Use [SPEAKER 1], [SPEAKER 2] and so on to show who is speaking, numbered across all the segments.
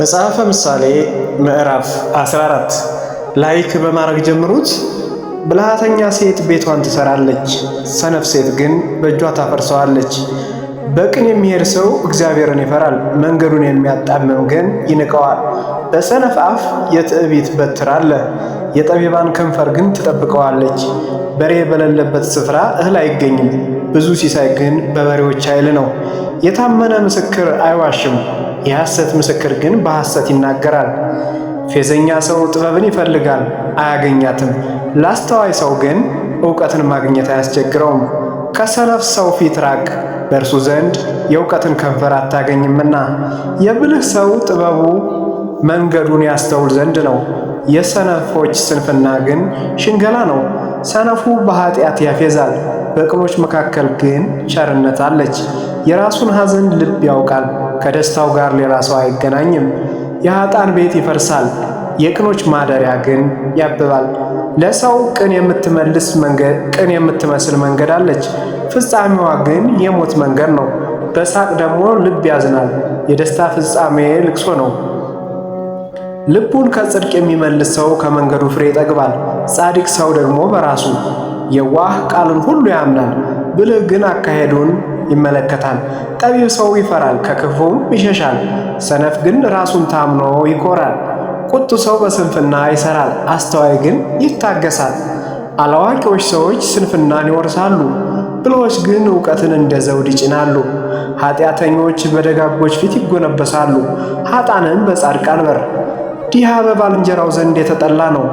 [SPEAKER 1] መጽሐፈ ምሳሌ ምዕራፍ 14 ላይክ በማድረግ ጀምሩት። ብልሃተኛ ሴት ቤቷን ትሰራለች፣ ሰነፍ ሴት ግን በእጇ ታፈርሰዋለች። በቅን የሚሄድ ሰው እግዚአብሔርን ይፈራል፣ መንገዱን የሚያጣምም ግን ይንቀዋል። በሰነፍ አፍ የትዕቢት በትር አለ፣ የጠቢባን ከንፈር ግን ትጠብቀዋለች። በሬ በሌለበት ስፍራ እህል አይገኝም፣ ብዙ ሲሳይ ግን በበሬዎች ኃይል ነው። የታመነ ምስክር አይዋሽም፣ የሐሰት ምስክር ግን በሐሰት ይናገራል። ፌዘኛ ሰው ጥበብን ይፈልጋል አያገኛትም፣ ላስተዋይ ሰው ግን ዕውቀትን ማግኘት አያስቸግረውም። ከሰነፍ ሰው ፊት ራቅ፣ በእርሱ ዘንድ የእውቀትን ከንፈር አታገኝምና። የብልህ ሰው ጥበቡ መንገዱን ያስተውል ዘንድ ነው፣ የሰነፎች ስንፍና ግን ሽንገላ ነው። ሰነፉ በኃጢአት ያፌዛል በቅኖች መካከል ግን ቸርነት አለች። የራሱን ሐዘን ልብ ያውቃል፣ ከደስታው ጋር ሌላ ሰው አይገናኝም። የኃጥአን ቤት ይፈርሳል፣ የቅኖች ማደሪያ ግን ያብባል። ለሰው ቅን የምትመልስ መንገድ ቅን የምትመስል መንገድ አለች፣ ፍጻሜዋ ግን የሞት መንገድ ነው። በሳቅ ደግሞ ልብ ያዝናል፣ የደስታ ፍጻሜ ልቅሶ ነው። ልቡን ከጽድቅ የሚመልስ ሰው ከመንገዱ ፍሬ ይጠግባል፣ ጻድቅ ሰው ደግሞ በራሱ የዋህ ቃልን ሁሉ ያምናል፣ ብልህ ግን አካሄዱን ይመለከታል። ጠቢብ ሰው ይፈራል፣ ከክፉም ይሸሻል። ሰነፍ ግን ራሱን ታምኖ ይኮራል። ቁጡ ሰው በስንፍና ይሰራል፣ አስተዋይ ግን ይታገሳል። አላዋቂዎች ሰዎች ስንፍናን ይወርሳሉ፣ ብልሆች ግን እውቀትን እንደ ዘውድ ይጭናሉ። ኃጢአተኞች በደጋጎች ፊት ይጎነበሳሉ፣ ሀጣንም በጻድቃን በር። ድሃ በባልንጀራው ዘንድ የተጠላ ነው፣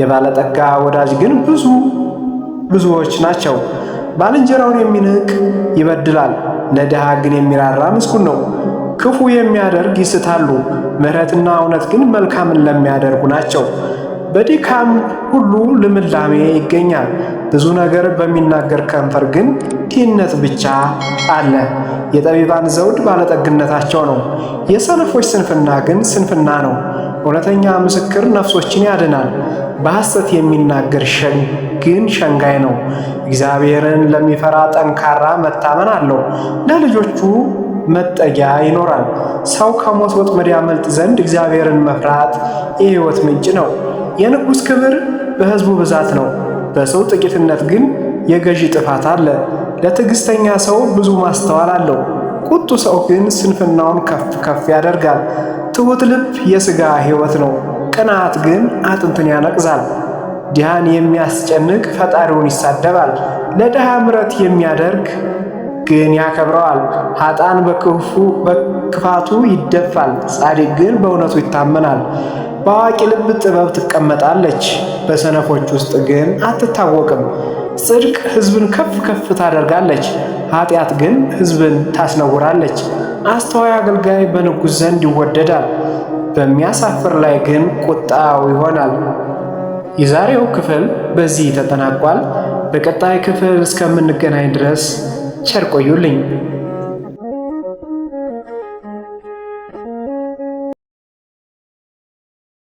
[SPEAKER 1] የባለጠጋ ወዳጅ ግን ብዙ ብዙዎች ናቸው። ባልንጀራውን የሚንቅ ይበድላል፣ ለድሃ ግን የሚራራ ምስጉን ነው። ክፉ የሚያደርግ ይስታሉ፣ ምሕረትና እውነት ግን መልካምን ለሚያደርጉ ናቸው። በድካም ሁሉ ልምላሜ ይገኛል፣ ብዙ ነገር በሚናገር ከንፈር ግን ድህነት ብቻ አለ። የጠቢባን ዘውድ ባለጠግነታቸው ነው፣ የሰነፎች ስንፍና ግን ስንፍና ነው። እውነተኛ ምስክር ነፍሶችን ያድናል በሐሰት የሚናገር ግን ሸንጋይ ነው። እግዚአብሔርን ለሚፈራ ጠንካራ መታመን አለው፣ ለልጆቹ መጠጊያ ይኖራል። ሰው ከሞት ወጥመድ ያመልጥ ዘንድ እግዚአብሔርን መፍራት የሕይወት ምንጭ ነው። የንጉሥ ክብር በሕዝቡ ብዛት ነው፣ በሰው ጥቂትነት ግን የገዢ ጥፋት አለ። ለትዕግሥተኛ ሰው ብዙ ማስተዋል አለው፣ ቁጡ ሰው ግን ስንፍናውን ከፍ ከፍ ያደርጋል። ትሑት ልብ የሥጋ ሕይወት ነው። ቅናት ግን አጥንትን ያነቅዛል። ድሃን የሚያስጨንቅ ፈጣሪውን ይሳደባል። ለድሃ ምረት የሚያደርግ ግን ያከብረዋል። ኃጣን በክፋቱ ይደፋል፣ ጻድቅ ግን በእውነቱ ይታመናል። በአዋቂ ልብ ጥበብ ትቀመጣለች፣ በሰነፎች ውስጥ ግን አትታወቅም። ጽድቅ ሕዝብን ከፍ ከፍ ታደርጋለች፣ ኃጢአት ግን ሕዝብን ታስነውራለች። አስተዋይ አገልጋይ በንጉሥ ዘንድ ይወደዳል፣ በሚያሳፍር ላይ ግን ቁጣው ይሆናል። የዛሬው ክፍል በዚህ ተጠናቋል። በቀጣይ ክፍል እስከምንገናኝ ድረስ ቸር ቆዩልኝ።